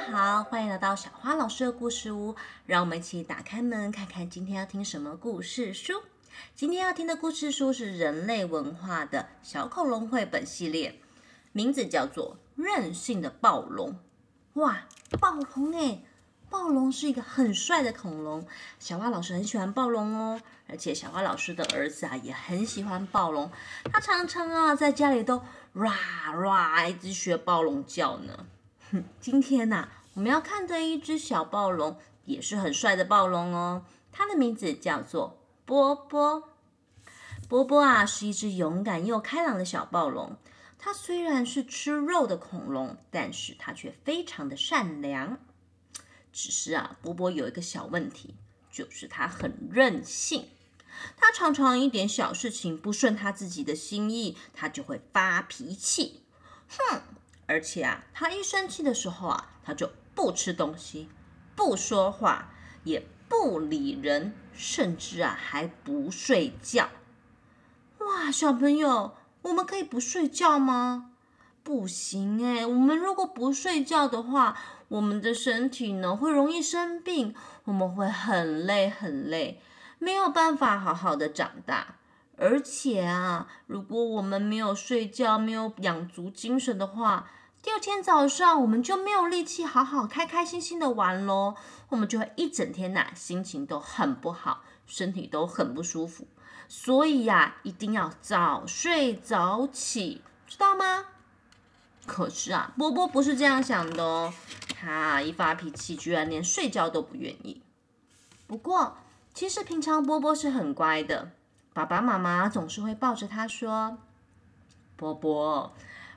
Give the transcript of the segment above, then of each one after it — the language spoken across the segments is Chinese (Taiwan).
大家好，歡迎來到小花老師的故事屋。讓我們一起打開門，看看今天要聽什麼故事書。今天要聽的故事書是人類文化的小恐龍繪本系列，名字叫做《任性的暴龍》。哇，暴龍耶！暴龍是一個很帥的恐龍。小花老師很喜歡暴龍哦，而且小花老師的兒子啊也很喜歡暴龍。他常常啊在家裡都哇哇、呃呃呃、一直學暴龍叫呢。今天呢，啊，我們要看的一只小暴龍也是很帥的暴龍哦。它的名字叫做波波，波波啊是一只勇敢又開朗的小暴龍。它雖然是吃肉的恐龍，但是它卻非常的善良。只是啊，波波有一個小問題，就是它很任性。它常常一點小事情不順它自己的心意，它就會發脾氣。哼。而且啊，他一生氣的時候啊，他就不吃東西，不說話，也不理人，甚至啊還不睡覺。哇，小朋友，我們可以不睡覺嗎？不行誒，我們如果不睡覺的話，我們的身體呢，會容易生病，我們會很累很累，沒有辦法好好的長大。而且啊，如果我們沒有睡覺，沒有養足精神的話，第二天早上我們就沒有力氣好好開開心心的玩咯，我們就會一整天吶、啊，心情都很不好，身體都很不舒服。所以呀、啊，一定要早睡早起，知道嗎？可是啊，波波不是這樣想的哦。他一發脾氣，居然連睡覺都不願意。不過，其實平常波波是很乖的。爸爸媽媽總是會抱着他說：“波波，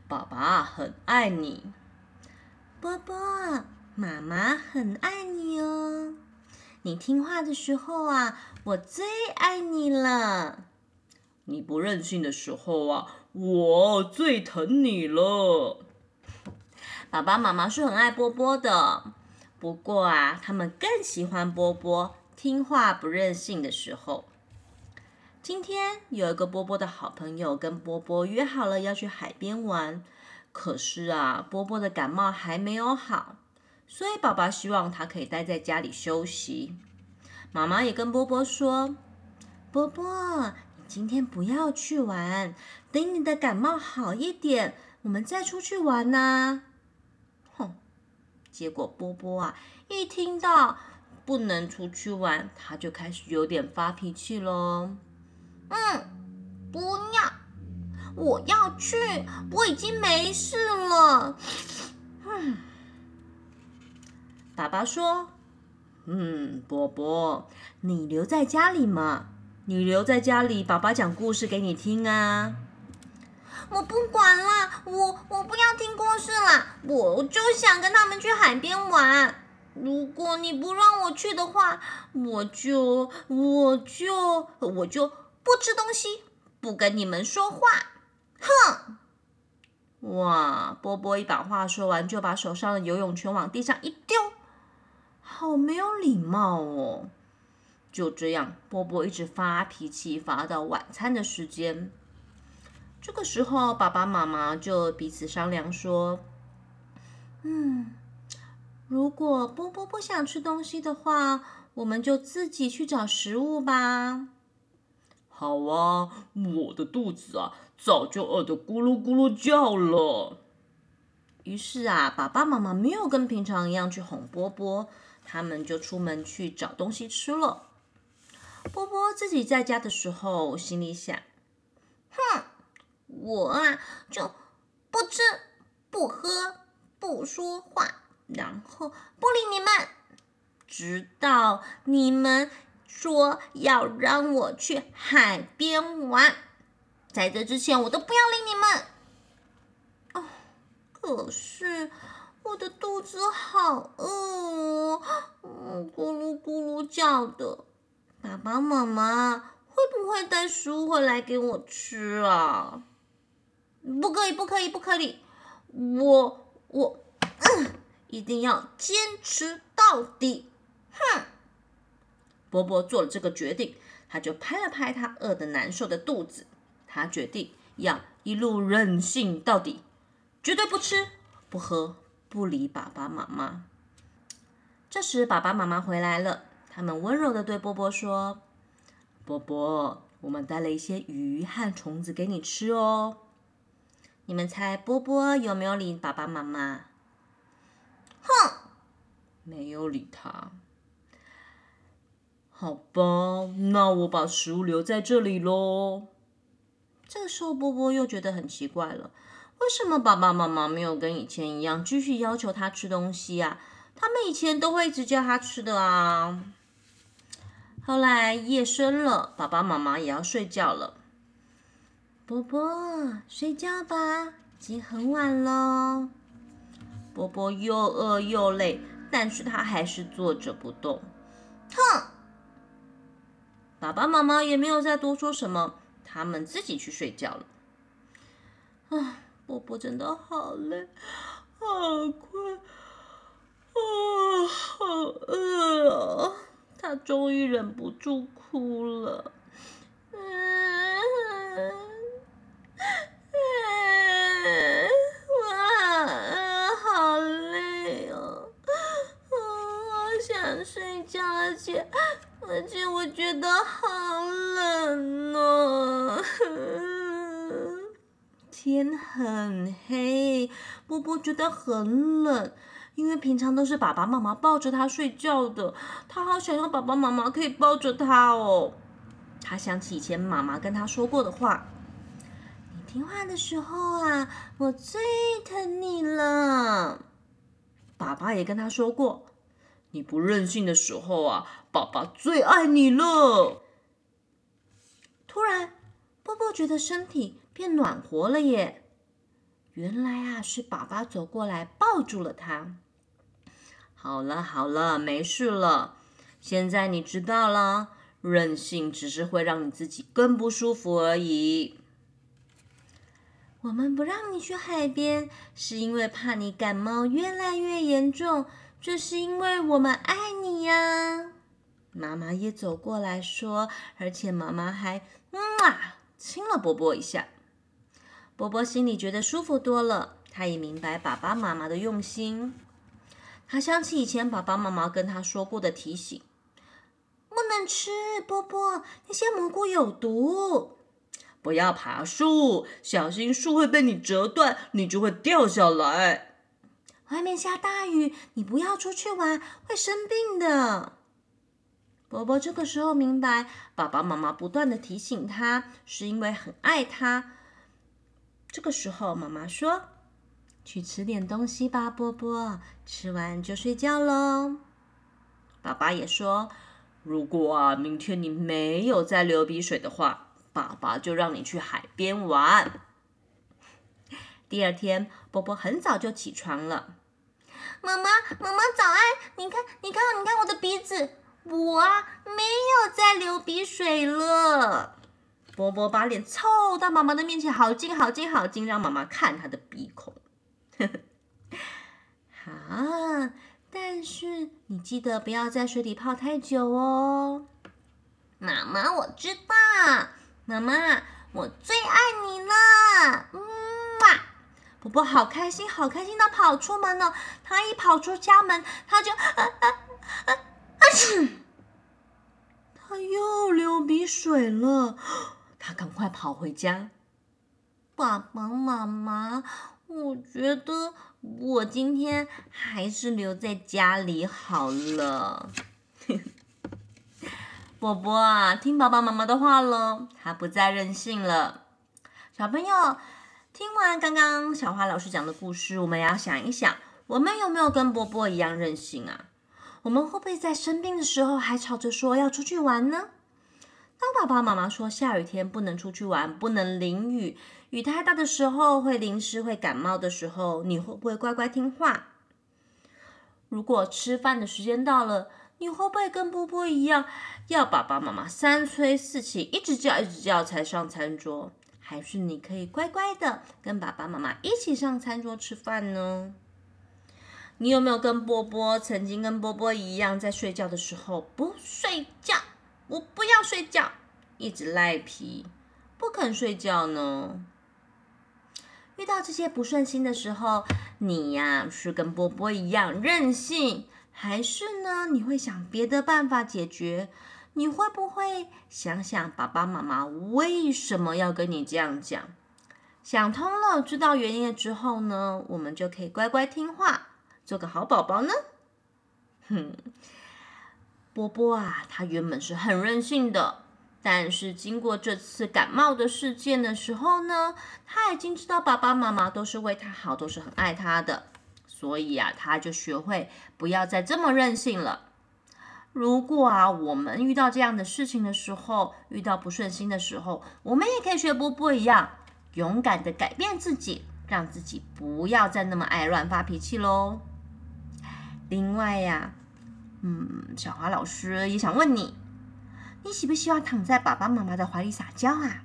爸爸很愛你。波波，媽媽很愛你哦。你聽話的時候啊，我最愛你了。你不任性的時候啊，我最疼你了。爸爸媽媽是很愛波波的，不過啊，他們更喜歡波波聽話不任性的時候。”今天有一個波波的好朋友跟波波約好了要去海邊玩，可是啊，波波的感冒還沒有好，所以爸爸希望他可以待在家裡休息。媽媽也跟波波說：“波波，你今天不要去玩，等你的感冒好一點，我們再出去玩吶。”哼，結果波波啊，一聽到不能出去玩，他就開始有點發脾氣嘍。嗯，不要，我要去，我已經沒事了。嗯，爸爸說：“嗯，波波，你留在家裡嘛，你留在家裡，爸爸講故事給你聽啊。”我不管啦，我我不要聽故事啦，我就想跟他們去海邊玩。如果你不讓我去的話，我就我就我就。我就我就不吃東西，不跟你們說話，哼！哇，波波一把話說完，就把手上的游泳圈往地上一丟，好沒有禮貌哦！就這樣，波波一直發脾氣，發到晚餐的時間。這個時候，爸爸媽媽就彼此商量說：“嗯，如果波波不想吃東西的話，我們就自己去找食物吧。”啊、哦，我的肚子啊，早就餓得咕嚕咕嚕叫了。於是啊，爸爸媽媽沒有跟平常一樣去哄波波，他們就出門去找東西吃了。波波自己在家的時候，心裡想：哼，我啊，就不吃、不喝、不說話，然後不理你們，直到你們。說要讓我去海邊玩，在這之前我都不要理你們。哦，可是我的肚子好餓哦，咕嚕咕嚕叫的。爸爸媽媽會不會帶食物回來給我吃啊？不可以，不可以，不可以！我我，一定要堅持到底！哼。波波做了這個決定，他就拍了拍他餓得難受的肚子。他決定要一路任性到底，絕對不吃、不喝、不理爸爸媽媽。這時爸爸媽媽回來了，他們溫柔地對波波說：“波波，我們帶了一些魚和蟲子給你吃哦。”你們猜波波有沒有理爸爸媽媽？哼，沒有理他。好吧，那我把食物留在這裡嘍。這個時候，波波又覺得很奇怪了：為什麼爸爸媽媽沒有跟以前一樣繼續要求他吃東西呀、啊？他們以前都會一直叫他吃的啊。後來夜深了，爸爸媽媽也要睡覺了。波波，睡覺吧，已經很晚了。波波又餓又累，但是他還是坐着不動。哼！爸爸媽媽也沒有再多說什麼，他們自己去睡覺了。啊，波波真的好累、好困、哦，好餓、哦，他終於忍不住哭了。嗯，我好餓、好累哦，哦，我好想睡覺去。而且我覺得好冷哦，天很黑，波波覺得很冷，因為平常都是爸爸媽媽抱着他睡覺的，他好想要爸爸媽媽可以抱着他哦。他想起以前媽媽跟他說過的話：“你聽話的時候啊，我最疼你了。”爸爸也跟他說過。你不任性的時候啊，爸爸最愛你了。突然，波波覺得身體變暖和了耶。原來啊，是爸爸走過來抱住了他。好了好了，沒事了。現在你知道了，任性只是會讓你自己更不舒服而已。我們不讓你去海邊，是因為怕你感冒越來越嚴重。這是因為我們愛你呀，媽媽也走過來說，而且媽媽還嗯啊，親了波波一下。波波心裡覺得舒服多了，他也明白爸爸媽媽的用心。他想起以前爸爸媽媽跟他說過的提醒：不能吃，波波，那些蘑菇有毒，不要爬樹，小心樹會被你折斷，你就會掉下來。外面下大雨，你不要出去玩，會生病的。波波這個時候明白，爸爸媽媽不斷地提醒他，是因為很愛他。這個時候，媽媽說：“去吃點東西吧，波波，吃完就睡覺嘍。”爸爸也說：“如果、啊、明天你沒有再流鼻水的話，爸爸就讓你去海邊玩。”第二天，波波很早就起床了。媽媽，媽媽早安！你看，你看，你看我的鼻子，我啊沒有再流鼻水了。波波把臉湊到媽媽的面前，好近，好近，好近，讓媽媽看他的鼻孔。 啊！但是你記得不要在水裡泡太久哦。媽媽，我知道，媽媽，我最愛你了。嗯。波波好開心，好開心的跑出門了。他一跑出家門，他就、啊啊啊呃呃呃呃，他又流鼻水了。他趕快跑回家。爸爸媽媽，我覺得我今天還是留在家裡好了。波波 啊，聽爸爸媽媽的話了，他不再任性了。小朋友。聽完剛剛小花老師講的故事，我們也要想一想，我們有沒有跟波波一樣任性啊？我們會不會在生病的時候還吵着說要出去玩呢？當爸爸媽媽說下雨天不能出去玩，不能淋雨，雨太大的時候會淋濕，會感冒的時候，你會不會乖乖聽話？如果吃飯的時間到了，你會不會跟波波一樣，要爸爸媽媽三催四請，一直叫一直叫，一直叫才上餐桌？還是你可以乖乖的跟爸爸媽媽一起上餐桌吃飯呢？你有沒有跟波波曾經跟波波一樣，在睡覺的時候不睡覺？我不要睡覺，一直賴皮，不肯睡覺呢？遇到這些不順心的時候，你呀、啊、是跟波波一樣任性，還是呢你會想別的辦法解決？你會不會想想爸爸媽媽為什麼要跟你這樣講？想通了，知道原因了之後呢，我們就可以乖乖聽話，做個好寶寶呢。哼，波波啊，他原本是很任性的，但是經過這次感冒的事件的時候呢，他已經知道爸爸媽媽都是為他好，都是很愛他的，所以啊，他就學會不要再這麼任性了。如果啊，我們遇到這樣的事情的時候，遇到不順心的時候，我們也可以學波波一樣，勇敢地改變自己，讓自己不要再那麼愛亂發脾氣嘍。另外呀、啊，嗯，小華老師也想問你，你喜不喜歡躺在爸爸媽媽的懷裡撒嬌啊？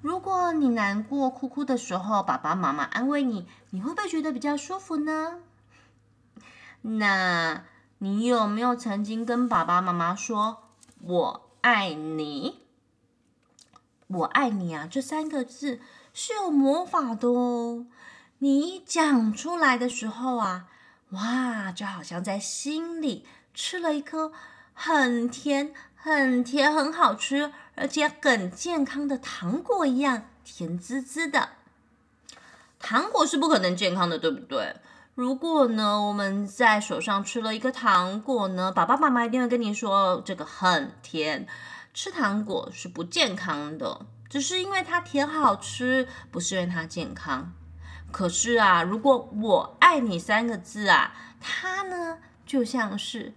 如果你難過哭哭的時候，爸爸媽媽安慰你，你會不會覺得比較舒服呢？那。你有沒有曾經跟爸爸媽媽說“我愛你”？“我愛你”啊，這三個字是有魔法的哦。你一講出來的時候啊，哇，就好像在心裡吃了一顆很甜、很甜、很好吃，而且很健康的糖果一樣，甜滋滋的。糖果是不可能健康的，對不對？如果呢，我們在手上吃了一個糖果呢，爸爸媽媽一定會跟你說，這個很甜，吃糖果是不健康的，只是因為它甜好吃，不是因為它健康。可是啊，如果我愛你三個字啊，它呢就像是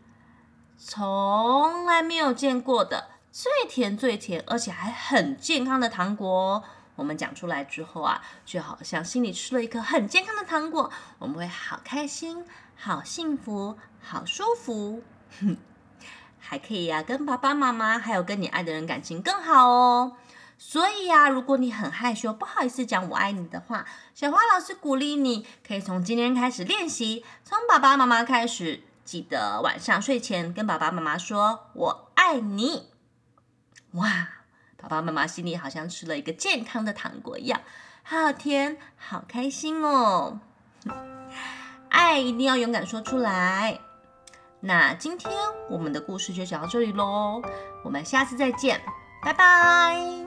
從來沒有見過的最甜最甜，而且還很健康的糖果。我們講出來之後啊，就好像心裡吃了一顆很健康的糖果，我們會好開心、好幸福、好舒服，哼，還可以呀、啊，跟爸爸媽媽還有跟你愛的人感情更好哦。所以呀、啊，如果你很害羞、不好意思講“我愛你”的話，小花老師鼓勵你可以從今天開始練習，從爸爸媽媽開始，記得晚上睡前跟爸爸媽媽說“我愛你”。哇！爸爸媽媽心裡好像吃了一個健康的糖果一樣，好甜，好開心哦！嗯，愛一定要勇敢說出來。那今天我們的故事就講到這裡嘍，我們下次再見，拜拜。